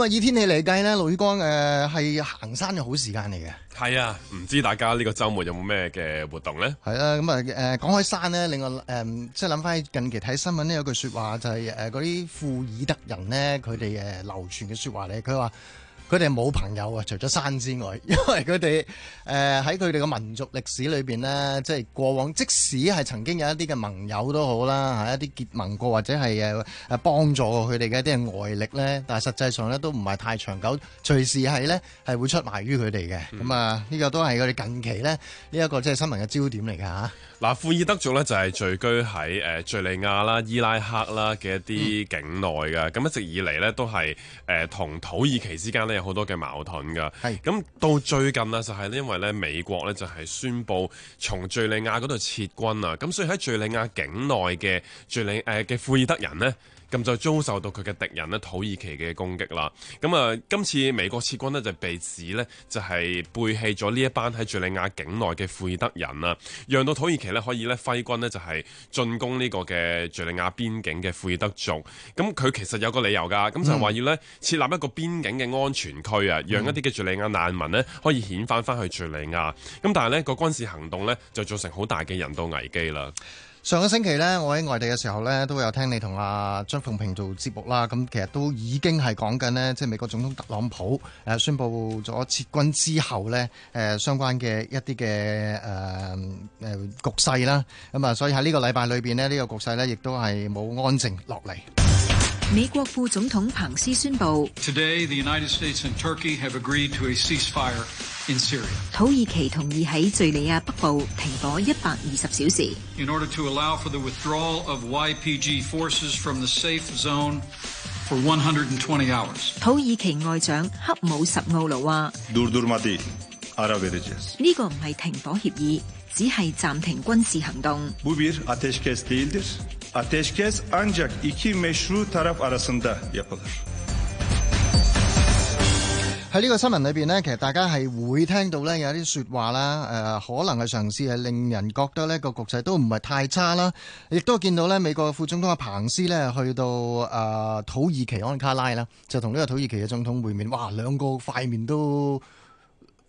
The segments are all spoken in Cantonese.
咁啊，以天氣嚟計咧，雷雨光誒係行山嘅好時間嚟嘅。係啊，唔知大家呢個週末有冇咩嘅活動咧？係啊，咁啊誒講開山咧，另外誒、呃、即係諗翻近期睇新聞咧，有句説話就係誒嗰啲庫爾德人咧，佢哋誒流傳嘅説話咧，佢話。佢哋冇朋友啊，除咗山之外，因為佢哋誒喺佢哋嘅民族歷史裏邊咧，即係過往即使係曾經有一啲嘅盟友都好啦，係一啲結盟過或者係誒誒幫助過佢哋嘅一啲外力咧，但係實際上咧都唔係太長久，隨時係咧係會出賣於佢哋嘅。咁、嗯、啊，呢、這個都係佢哋近期咧呢一、這個即係新聞嘅焦點嚟㗎吓。嗱，庫爾德族咧就係聚居喺誒、呃、敘利亞啦、伊拉克啦嘅一啲境內嘅，咁、嗯、一直以嚟咧都係誒同土耳其之間咧有好多嘅矛盾噶，係咁是到最近呢，就係、是、因為咧美國咧就係宣布從敘利亞嗰度撤軍啊，咁所以喺敘利亞境內嘅敘利誒嘅庫爾德人呢。咁就遭受到佢嘅敵人呢，土耳其嘅攻擊啦。咁啊，今次美國撤軍呢，就被指呢就係背棄咗呢一班喺敍利亞境內嘅庫爾德人啦，讓到土耳其呢，可以呢揮軍呢就係進攻呢個嘅敍利亞邊境嘅庫爾德族。咁佢其實有個理由㗎，咁就係話要呢設立一個邊境嘅安全區啊，讓一啲嘅敍利亞難民呢可以遣返翻去敍利亞。咁但係呢個軍事行動呢，就造成好大嘅人道危機啦。上個星期呢，我喺外地嘅時候呢，都有聽你同阿張鳳平做節目啦。咁其實都已經係講緊呢，即係美國總統特朗普誒宣布咗撤軍之後呢，誒相關嘅一啲嘅誒誒局勢啦。咁啊，所以喺呢個禮拜裏邊呢，呢個局勢呢，亦都係冇安靜落嚟。美國副總統彭斯宣布，土耳其同意喺敘利亞北部停火一百二十小時。土耳其外長黑姆十奧魯話：呢個唔係停火協議，只係暫停軍事行動。喺呢個新聞裏邊呢，其實大家係會聽到呢有啲説話啦，誒、呃、可能係嘗試係令人覺得呢個局勢都唔係太差啦。亦都見到呢美國副總統阿彭斯呢去到誒、呃、土耳其安卡拉啦，就同呢個土耳其嘅總統會面。哇，兩個塊面都～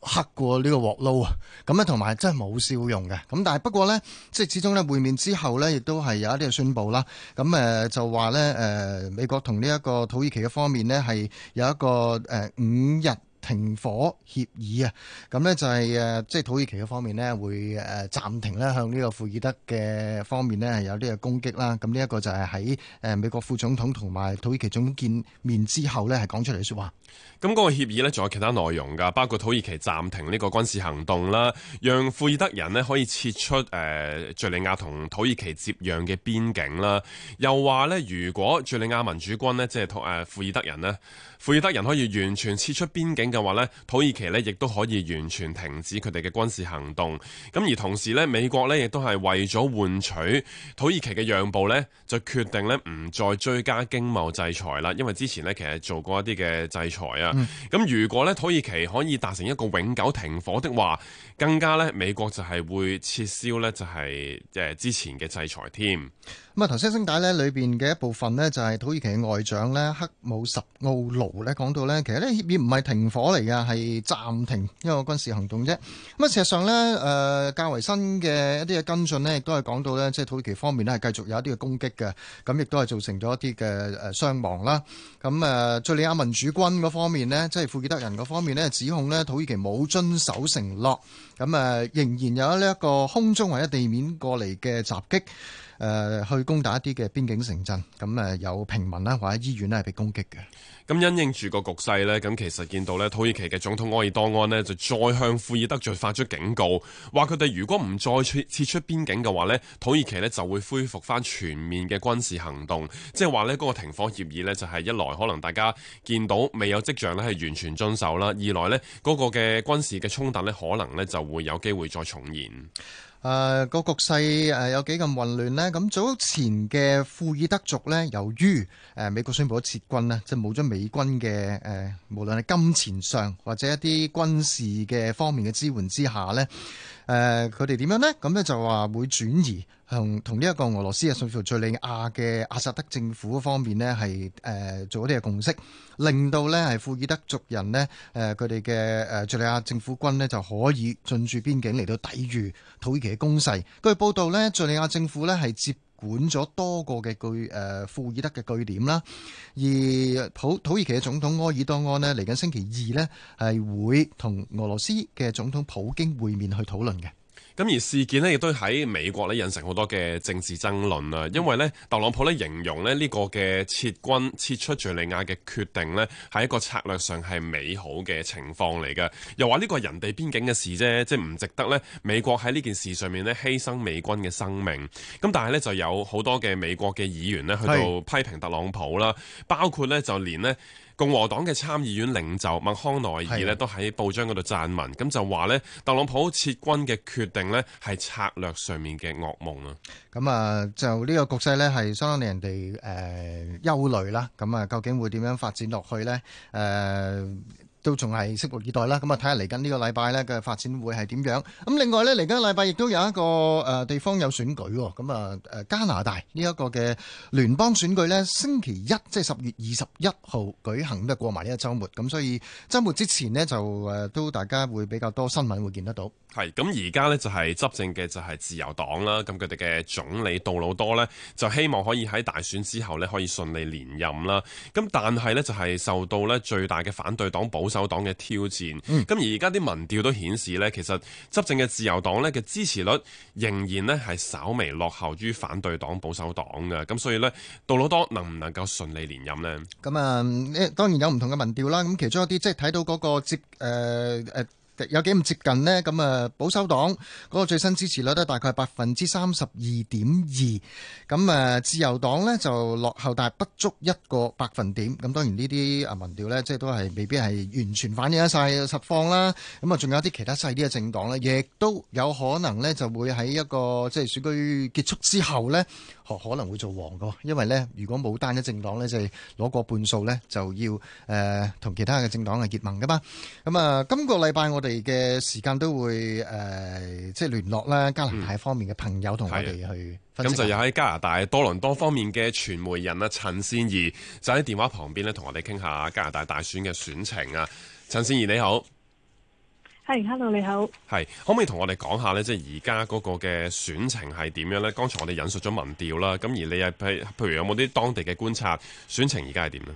黑過呢個鑊撈啊！咁咧同埋真係冇笑容嘅。咁但係不過呢，即係始終呢，會面之後呢，亦都係有一啲嘅宣佈啦。咁、呃、誒就話呢，誒、呃、美國同呢一個土耳其嘅方面呢，係有一個誒、呃、五日停火協議啊，咁咧就係誒即係土耳其嘅方面咧，會誒暫停咧向呢個庫爾德嘅方面咧係有啲嘅攻擊啦。咁呢一個就係喺誒美國副總統同埋土耳其總統見面之後咧，係講出嚟說話，咁嗰個協議咧，仲有其他內容噶，包括土耳其暫停呢個軍事行動啦，讓庫爾德人咧可以撤出誒、呃、敘利亞同土耳其接壤嘅邊境啦。又話咧，如果敘利亞民主軍咧，即係同誒庫爾德人咧，庫爾德人可以完全撤出邊境。嘅話呢，土耳其呢亦都可以完全停止佢哋嘅軍事行動。咁而同時呢，美國呢亦都係為咗換取土耳其嘅讓步呢，就決定呢唔再追加經貿制裁啦。因為之前呢其實做過一啲嘅制裁啊。咁、嗯、如果呢土耳其可以達成一個永久停火的話，更加呢美國就係會撤銷呢就係誒之前嘅制裁添。咁啊頭先聲帶呢裏邊嘅一部分呢，就係土耳其嘅外長呢克武什奧盧呢講到呢，其實呢協議唔係停火。我嚟嘅係暫停一個軍事行動啫。咁啊，事實上咧，誒、呃、較為新嘅一啲嘅跟進咧，亦都係講到咧，即係土耳其方面咧係繼續有一啲嘅攻擊嘅，咁亦都係造成咗一啲嘅誒傷亡啦。咁啊，敘利亞民主軍嗰方面呢，即係庫爾德人嗰方面咧，指控咧土耳其冇遵守承諾，咁啊、呃、仍然有呢一個空中或者地面過嚟嘅襲擊。誒去攻打一啲嘅邊境城鎮，咁誒有平民咧或者醫院咧係被攻擊嘅。咁因應住個局勢呢，咁其實見到咧土耳其嘅總統埃爾多安呢，就再向庫爾德族發出警告，話佢哋如果唔再撤出邊境嘅話呢，土耳其呢就會恢復翻全面嘅軍事行動，即係話呢嗰個停火協議呢，就係一來可能大家見到未有跡象呢係完全遵守啦，二來呢，嗰個嘅軍事嘅衝突呢，可能呢就會有機會再重現。誒個、呃、局勢誒有幾咁混亂呢？咁早前嘅庫爾德族呢，由於誒美國宣布咗撤軍呢，即係冇咗美軍嘅誒、呃，無論係金錢上或者一啲軍事嘅方面嘅支援之下呢。誒佢哋點樣呢？咁呢就話會轉移向同呢一個俄羅斯啊、敘利亞嘅阿薩德政府方面呢，係誒、呃、做一啲嘅共識，令到呢係庫爾德族人呢，誒佢哋嘅誒敘利亞政府軍呢，就可以進駐邊境嚟到抵禦土耳其嘅攻勢。據報道呢，敘利亞政府呢係接管咗多個嘅據，誒庫爾德嘅據點啦，而土土耳其嘅總統埃爾多安咧，嚟緊星期二咧係會同俄羅斯嘅總統普京會面去討論嘅。咁而事件呢，亦都喺美國呢引成好多嘅政治爭論啊，因為呢特朗普呢形容呢呢個嘅撤軍撤出敘利亞嘅決定呢，係一個策略上係美好嘅情況嚟嘅。又話呢個人哋邊境嘅事啫，即係唔值得呢美國喺呢件事上面呢犧牲美軍嘅生命。咁但係呢就有好多嘅美國嘅議員呢去到批評特朗普啦，的包括呢就連呢。共和黨嘅參議院領袖麥康奈爾呢都喺報章嗰度撰文，咁就話咧特朗普撤軍嘅決定咧係策略上面嘅噩夢啦。咁啊，就呢個局勢咧係相當令人哋誒、呃、憂慮啦。咁啊，究竟會點樣發展落去呢？誒、呃。都仲係拭目以待啦，咁啊睇下嚟緊呢個禮拜呢嘅發展會係點樣？咁另外呢，嚟緊禮拜亦都有一個誒地方有選舉喎，咁啊誒加拿大呢一個嘅聯邦選舉呢，星期一即係十月二十一號舉行，咁就過埋呢個週末，咁所以週末之前呢，就誒都大家會比較多新聞會見得到。係咁而家呢就係執政嘅就係自由黨啦，咁佢哋嘅總理杜魯多呢，就希望可以喺大選之後呢可以順利連任啦。咁但係呢，就係受到呢最大嘅反對黨保守黨嘅挑戰。咁、嗯、而家啲民調都顯示呢，其實執政嘅自由黨呢嘅支持率仍然呢係稍微落後於反對黨保守黨嘅。咁所以呢，杜魯多能唔能夠順利連任呢？咁啊、嗯，當然有唔同嘅民調啦。咁其中一啲即係睇到嗰、嗰個接誒誒。呃呃有幾咁接近呢？咁啊，保守黨嗰個最新支持率都大概係百分之三十二點二。咁啊，自由黨呢就落後，但係不足一個百分點。咁當然呢啲啊民調呢，即係都係未必係完全反映得晒實況啦。咁啊，仲有啲其他細啲嘅政黨呢，亦都有可能呢就會喺一個即係選舉結束之後呢，可可能會做王嘅。因為呢，如果冇單一政黨呢，就係攞過半數呢，就要誒同其他嘅政黨啊結盟噶嘛。咁啊，今個禮拜我哋。嘅時間都會誒、呃，即係聯絡啦，加拿大方面嘅朋友同我哋去。咁、嗯、就有喺加拿大多倫多方面嘅傳媒人啦，陳善宜就喺電話旁邊咧，同我哋傾下加拿大大選嘅選情啊。陳善宜你好，係，hello 你好，係，可唔可以同我哋講下呢？即係而家嗰個嘅選情係點樣呢？剛才我哋引述咗民調啦，咁而你又譬譬如有冇啲當地嘅觀察？選情而家係點呢？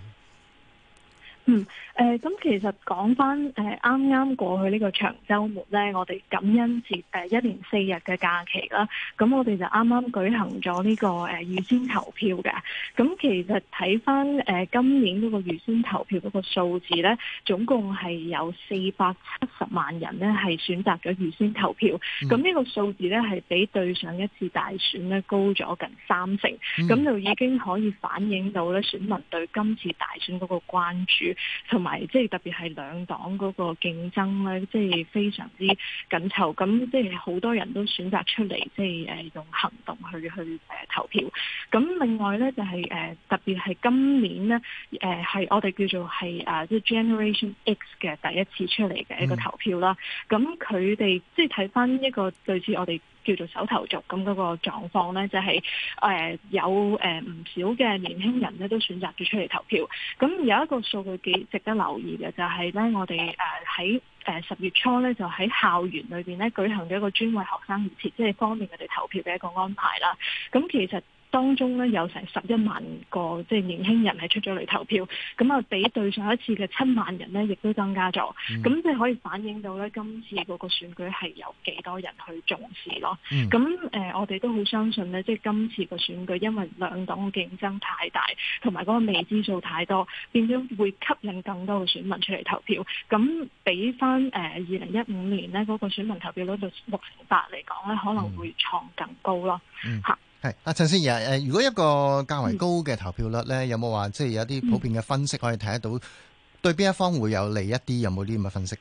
嗯，誒、呃，咁其實講翻，誒、呃，啱啱過去呢個長周末咧，我哋感恩節誒，一連四日嘅假期啦，咁我哋就啱啱舉行咗呢、這個誒預、呃、先投票嘅。咁其實睇翻，誒、呃，今年嗰個預先投票嗰個數字咧，總共係有四百七十萬人咧係選擇咗預先投票。咁呢、嗯、個數字咧係比對上一次大選咧高咗近三成，咁、嗯、就已經可以反映到咧選民對今次大選嗰個關注。同埋，即係特別係兩黨嗰個競爭咧，即係非常之緊湊。咁即係好多人都選擇出嚟，即係誒用行動去去誒投票。咁另外咧就係誒特別係今年咧誒係我哋叫做係誒即係 Generation X 嘅第一次出嚟嘅一個投票啦。咁佢哋即係睇返一個類似我哋。叫做手投族，咁嗰個狀況呢，就係、是、誒、呃、有誒唔少嘅年輕人呢都選擇咗出嚟投票。咁有一個數據幾值得留意嘅，就係、是、呢，我哋誒喺誒十月初呢，就喺校園裏邊呢舉行咗一個專為學生而設，即係方便佢哋投票嘅一個安排啦。咁其實。當中咧有成十一萬個即係年輕人係出咗嚟投票，咁啊比對上一次嘅七萬人咧，亦都增加咗。咁、嗯、即係可以反映到咧，今次嗰個選舉係有幾多人去重視咯。咁誒、嗯，我哋都好相信咧，即係今次個選舉，因為兩黨嘅競爭太大，同埋嗰個未知數太多，變咗會吸引更多嘅選民出嚟投票。咁畀返誒二零一五年咧嗰個選民投票率就六成八嚟講咧，可能會創更高咯。嚇、嗯！嗯係啊，陳善宜誒，如果一個較為高嘅投票率咧，嗯、有冇話即係有啲普遍嘅分析可以睇得到對邊一方會有利一啲？嗯、有冇啲咁嘅分析嘅？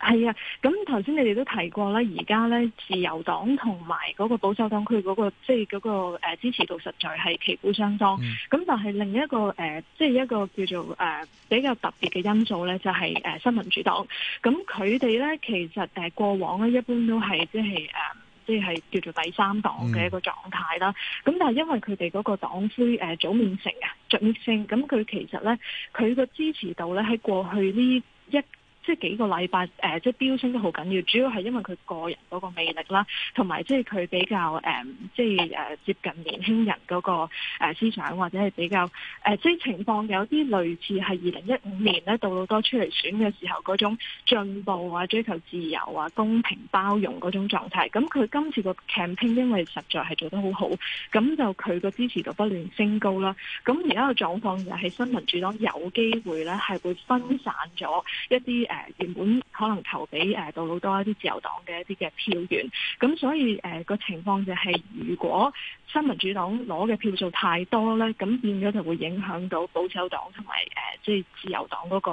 係啊，咁頭先你哋都提過啦，而家咧自由黨同埋嗰個保守黨佢嗰、嗰個即係嗰個支持度實在係旗鼓相當。咁、嗯、但係另一個誒、呃，即係一個叫做誒、呃、比較特別嘅因素咧，就係誒新民主黨。咁佢哋咧其實誒過往咧一般都係即係誒。呃呃呃即係叫做第三黨嘅一個狀態啦，咁、嗯、但係因為佢哋嗰個黨魁誒組、呃、面成啊，著面性，咁佢其實咧，佢個支持度咧喺過去呢一，即係幾個禮拜，誒、呃，即係飆升得好緊要，主要係因為佢個人嗰個魅力啦，同埋即係佢比較誒，即係誒接近年輕人嗰、那個思想，呃、或者係比較誒、呃，即係情況有啲類似係二零一五年咧，杜魯多出嚟選嘅時候嗰種進步啊、追求自由啊、公平包容嗰種狀態。咁佢今次個 campaign 因為實在係做得好好，咁就佢個支持度不斷升高啦。咁而家個狀況就係新民主黨有機會咧，係會分散咗一啲。誒，原本可能投俾誒杜魯多一啲自由黨嘅一啲嘅票源，咁所以誒個、呃、情況就係、是，如果新民主黨攞嘅票數太多咧，咁變咗就會影響到保守黨同埋誒即係自由黨嗰、那個、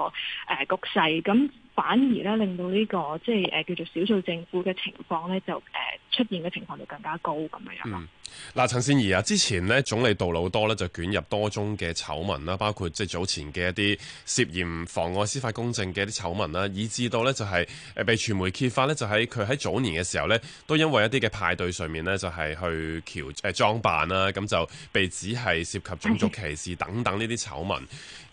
呃、局勢，咁反而咧令到呢、這個即係誒叫做少數政府嘅情況咧就誒。呃出現嘅情況就更加高咁樣樣嗱，陳善宜啊，之前咧總理杜魯多咧就捲入多宗嘅醜聞啦，包括即係早前嘅一啲涉嫌妨礙司法公正嘅一啲醜聞啦，以致到咧就係誒被傳媒揭發咧，就喺佢喺早年嘅時候咧都因為一啲嘅派對上面咧就係去喬誒、呃、裝扮啦，咁就被指係涉及種族歧視等等呢啲醜聞。Okay.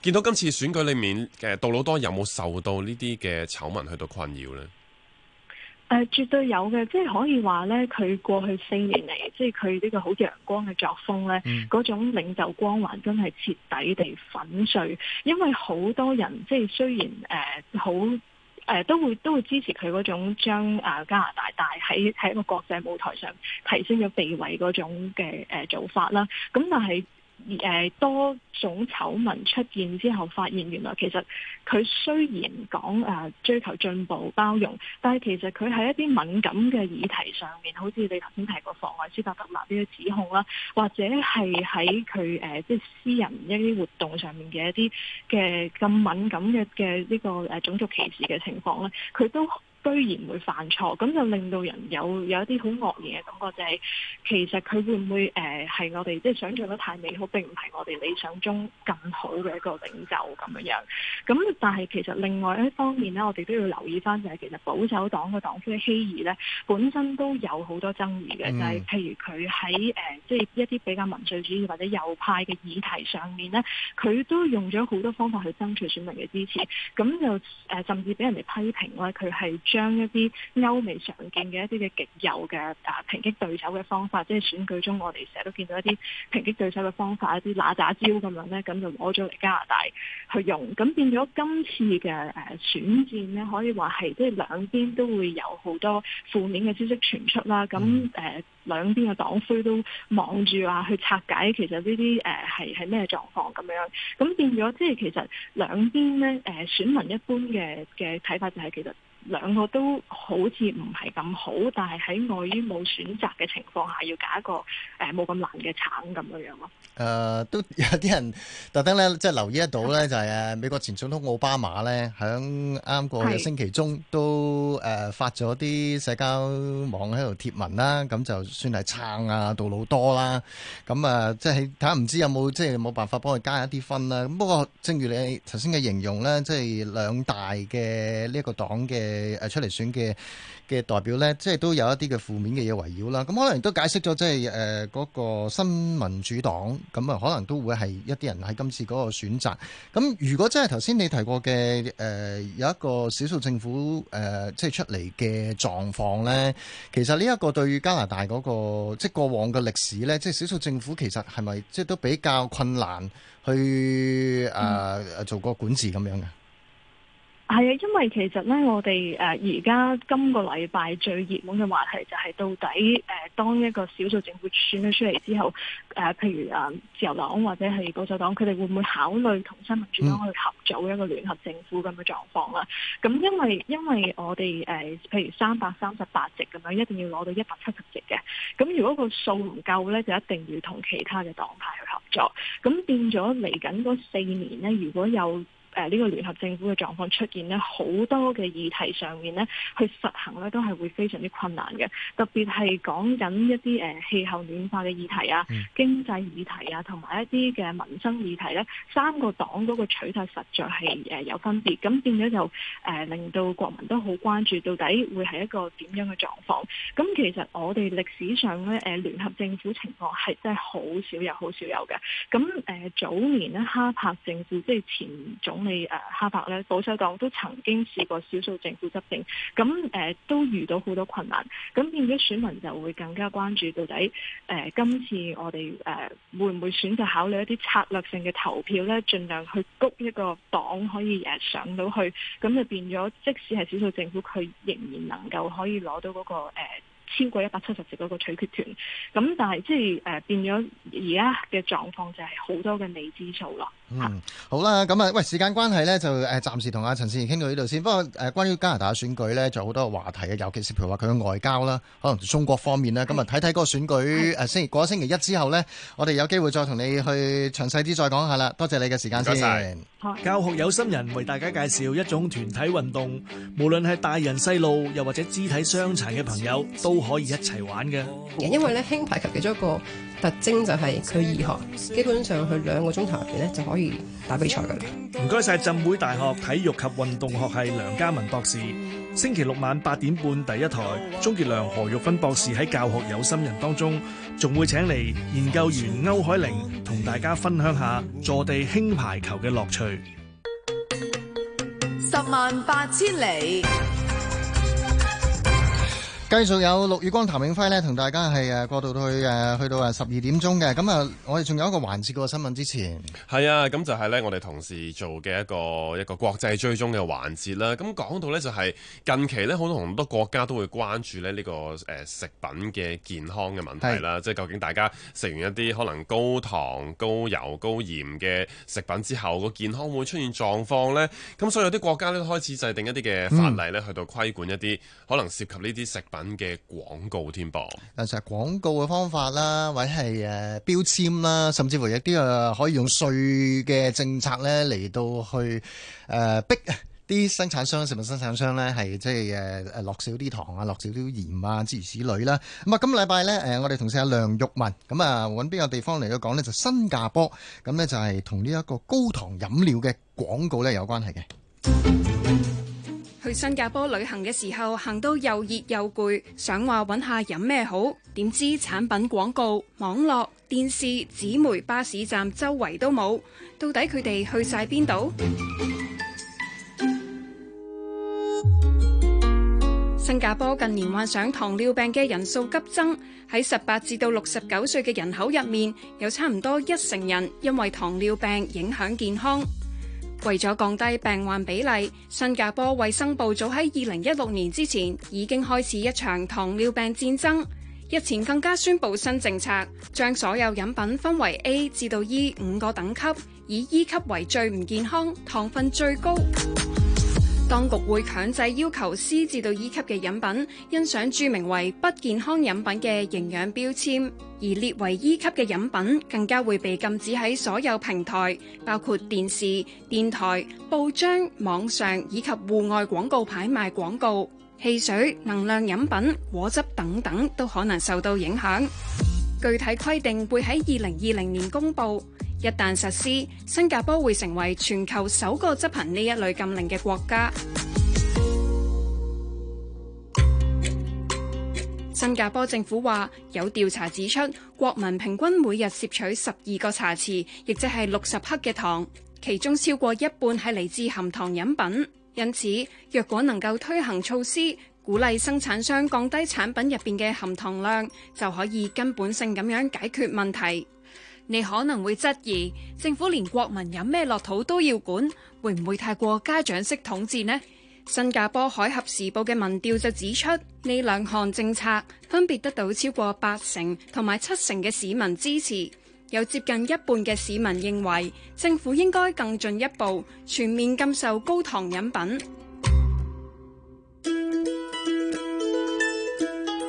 見到今次選舉裏面嘅杜魯多有冇受到呢啲嘅醜聞去到困擾呢？誒、呃、絕對有嘅，即係可以話咧，佢過去四年嚟，即係佢呢個好陽光嘅作風咧，嗰、mm. 種領袖光環真係徹底地粉碎，因為好多人即係雖然誒、呃、好誒、呃、都會都會支持佢嗰種將、呃、加拿大帶喺喺一個國際舞台上提升咗地位嗰種嘅誒、呃、做法啦，咁但係。誒多種醜聞出現之後，發現原來其實佢雖然講誒追求進步、包容，但係其實佢喺一啲敏感嘅議題上面，好似你頭先提過妨礙司法獨立呢個指控啦，或者係喺佢誒即係私人一啲活動上面嘅一啲嘅咁敏感嘅嘅呢個誒種族歧視嘅情況咧，佢都居然會犯錯，咁就令到人有有一啲好愕然嘅感覺，就是，就係其實佢會唔會誒係、呃、我哋即係想像得太美好，並唔係我哋理想中咁好嘅一個領袖咁樣樣。咁、嗯、但係其實另外一方面呢，我哋都要留意翻就係、是、其實保守黨嘅黨魁希爾呢，本身都有好多爭議嘅，就係、是、譬如佢喺誒即係一啲比較民粹主，主義或者右派嘅議題上面呢，佢都用咗好多方法去爭取選民嘅支持，咁就誒、呃、甚至俾人哋批評呢，佢係將一啲歐美常見嘅一啲嘅極右嘅啊，抨擊對手嘅方法，即係選舉中，我哋成日都見到一啲抨擊對手嘅方法，一啲拿大招咁樣咧，咁就攞咗嚟加拿大去用。咁變咗今次嘅誒、啊、選戰咧，可以話係即係兩邊都會有好多負面嘅消息傳出啦。咁誒、啊啊、兩邊嘅黨魁都望住話去拆解，其實呢啲誒係係咩狀況咁樣？咁變咗即係其實兩邊咧誒、啊、選民一般嘅嘅睇法就係、是、其實。兩個都好似唔係咁好，但係喺礙於冇選擇嘅情況下，要揀一個誒冇咁難嘅撐咁樣樣咯。誒都有啲人特登咧，即係留意得到咧，就係誒美國前總統奧巴馬咧，響啱個星期中都誒發咗啲社交網喺度貼文啦，咁就算係撐啊杜魯多啦，咁啊即係睇下唔知有冇即係冇辦法幫佢加一啲分啦。不過正如你頭先嘅形容咧，即係兩大嘅呢一個黨嘅。誒誒，出嚟選嘅嘅代表呢，即係都有一啲嘅負面嘅嘢圍繞啦。咁可能都解釋咗，即係誒嗰個新民主黨咁啊，可能都會係一啲人喺今次嗰個選擇。咁如果真係頭先你提過嘅，誒、呃，有一個少數政府誒、呃，即係出嚟嘅狀況呢，其實呢一個對於加拿大嗰、嗰個即係過往嘅歷史呢，即係少數政府其實係咪即係都比較困難去誒、呃、做個管治咁樣嘅？嗯係啊，因為其實咧，我哋誒而家今個禮拜最熱門嘅話題就係到底誒、呃，當一個少數政府選咗出嚟之後，誒、呃、譬如啊自由黨或者係保守黨，佢哋會唔會考慮同新民主黨去合組一個聯合政府咁嘅狀況啦？咁因為因為我哋誒、呃、譬如三百三十八席咁樣，一定要攞到一百七十席嘅，咁如果個數唔夠咧，就一定要同其他嘅黨派去合作。咁變咗嚟緊嗰四年咧，如果有。誒呢、呃這個聯合政府嘅狀況出現咧，好多嘅議題上面咧，去實行呢都係會非常之困難嘅。特別係講緊一啲誒氣候暖化嘅議題啊、經濟議題啊，同埋一啲嘅民生議題呢，三個黨嗰個取態實在係誒、呃、有分別。咁變咗就誒、呃、令到國民都好關注，到底會係一個點樣嘅狀況。咁其實我哋歷史上咧，誒、呃、聯合政府情況係真係好少有，好少有嘅。咁誒、呃、早年呢，哈柏政府即係前總。你誒，哈伯咧，保守黨都曾經試過少數政府執政，咁誒、呃、都遇到好多困難，咁變咗選民就會更加關注到底誒、呃，今次我哋誒、呃、會唔會選擇考慮一啲策略性嘅投票咧，盡量去谷一個黨可以誒上到去，咁就變咗即使係少數政府，佢仍然能夠可以攞到嗰、那個誒、呃、超過一百七十席嗰個取決權，咁但係即係誒變咗而家嘅狀況就係好多嘅未知數啦。嗯，好啦，咁啊，喂，時間關係呢，就誒，暫時同阿陳善宜傾到呢度先。不過誒、呃，關於加拿大嘅選舉咧，仲有好多嘅話題嘅，尤其是譬如話佢嘅外交啦，可能中國方面啦。咁啊、嗯，睇睇嗰個選舉誒、嗯啊，星期過咗星期一之後呢，我哋有機會再同你去詳細啲再講下啦。多謝你嘅時間先。唔該晒。教學有心人為大家介紹一種團體運動，無論係大人、細路，又或者肢體傷殘嘅朋友，都可以一齊玩嘅。因為呢，輕排球其中一個特徵就係佢易學，基本上佢兩個鐘頭入邊咧就可。唔該晒，謝謝浸會大學體育及運動學系梁家文博士。星期六晚八點半第一台，鍾傑良何玉芬博士喺教學有心人當中，仲會請嚟研究員歐海玲，同大家分享下坐地輕排球嘅樂趣。十萬八千里。繼續有陸雨光、譚永輝咧，同大家係誒過渡到去誒去到誒十二點鐘嘅，咁啊，我哋仲有一個環節，個新聞之前，係啊，咁就係咧，我哋同事做嘅一個一個國際追蹤嘅環節啦。咁講到咧，就係近期咧，好多好多國家都會關注咧呢個誒食品嘅健康嘅問題啦。是即係究竟大家食完一啲可能高糖、高油、高鹽嘅食品之後，個健康會出現狀況咧？咁所以有啲國家咧開始制定一啲嘅法例咧，去到規管一啲可能涉及呢啲食品。嗯嘅廣告添噃，誒就係廣告嘅方法啦，或者係誒標籤啦，甚至乎一啲誒可以用稅嘅政策咧嚟到去誒逼啲生產商、食物生產商咧係即係誒誒落少啲糖啊，落少少鹽啊諸如此類啦。咁啊，咁禮拜咧誒，我哋同事阿梁鈺雯咁啊，揾邊個地方嚟去講咧？就新加坡咁咧，就係同呢一個高糖飲料嘅廣告咧有關係嘅。去新加坡旅行嘅時候，行到又熱又攰，想話揾下飲咩好，點知產品廣告、網絡、電視、紙媒、巴士站周圍都冇，到底佢哋去晒邊度？新加坡近年患上糖尿病嘅人數急增，喺十八至到六十九歲嘅人口入面，有差唔多一成人因為糖尿病影響健康。為咗降低病患比例，新加坡衛生部早喺二零一六年之前已經開始一場糖尿病戰爭。日前更加宣布新政策，將所有飲品分為 A 至到 E 五個等級，以 E 級為最唔健康，糖分最高。當局會強制要求 C 至到 E 級嘅飲品，欣賞注明為不健康飲品嘅營養標籤；而列為 E 級嘅飲品，更加會被禁止喺所有平台，包括電視、電台、報章、網上以及戶外廣告牌賣廣告。汽水、能量飲品、果汁等等都可能受到影響。具體規定會喺二零二零年公布。一旦實施，新加坡會成為全球首個執行呢一類禁令嘅國家。新加坡政府話，有調查指出，國民平均每日攝取十二個茶匙，亦即係六十克嘅糖，其中超過一半係嚟自含糖飲品。因此，若果能夠推行措施，鼓勵生產商降低產品入邊嘅含糖量，就可以根本性咁樣解決問題。你可能會質疑政府連國民飲咩落肚都要管，會唔會太過家長式統治呢？新加坡《海峽時報》嘅民調就指出，呢兩項政策分別得到超過八成同埋七成嘅市民支持，有接近一半嘅市民認為政府應該更進一步全面禁售高糖飲品。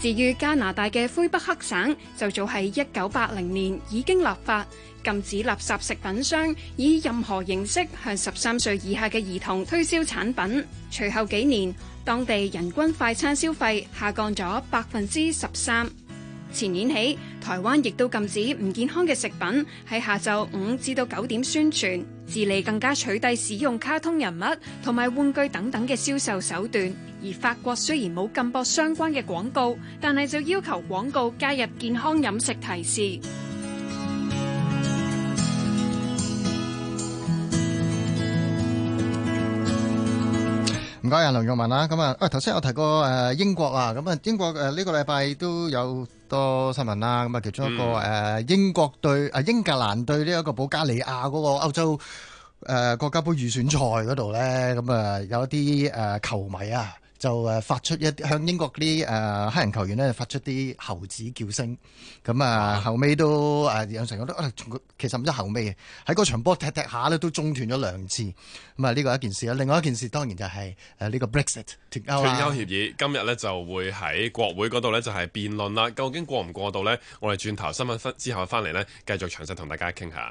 至於加拿大嘅魁北克省，就早喺一九八零年已經立法禁止垃圾食品商以任何形式向十三歲以下嘅兒童推銷產品。隨後幾年，當地人均快餐消費下降咗百分之十三。前年起，台灣亦都禁止唔健康嘅食品喺下晝五至到九點宣傳。智利更加取締使用卡通人物同埋玩具等等嘅銷售手段，而法國雖然冇禁播相關嘅廣告，但係就要求廣告加入健康飲食提示。唔該啊，梁鈺雯啦，咁、嗯、啊，喂，頭先我提過誒、呃、英國啊，咁啊英國誒呢個禮拜都有多新聞啦，咁啊其中一個誒英國對啊英格蘭對呢一個保加利亞嗰個歐洲誒、呃、國家杯預選賽嗰度咧，咁、嗯、啊、呃、有一啲誒、呃、球迷啊。就誒發出一啲向英國啲誒、呃、黑人球員呢，發出啲猴子叫聲咁啊。後尾都誒有成覺得啊，其實唔知後尾喺嗰場波踢踢下呢都中斷咗兩次咁啊。呢個一件事啦，另外一件事當然就係誒呢個 Brexit 脫歐、啊、脫歐協議今日呢，就會喺國會嗰度呢，就係辯論啦。究竟過唔過到呢？我哋轉頭新聞之後翻嚟呢，繼續詳細同大家傾下。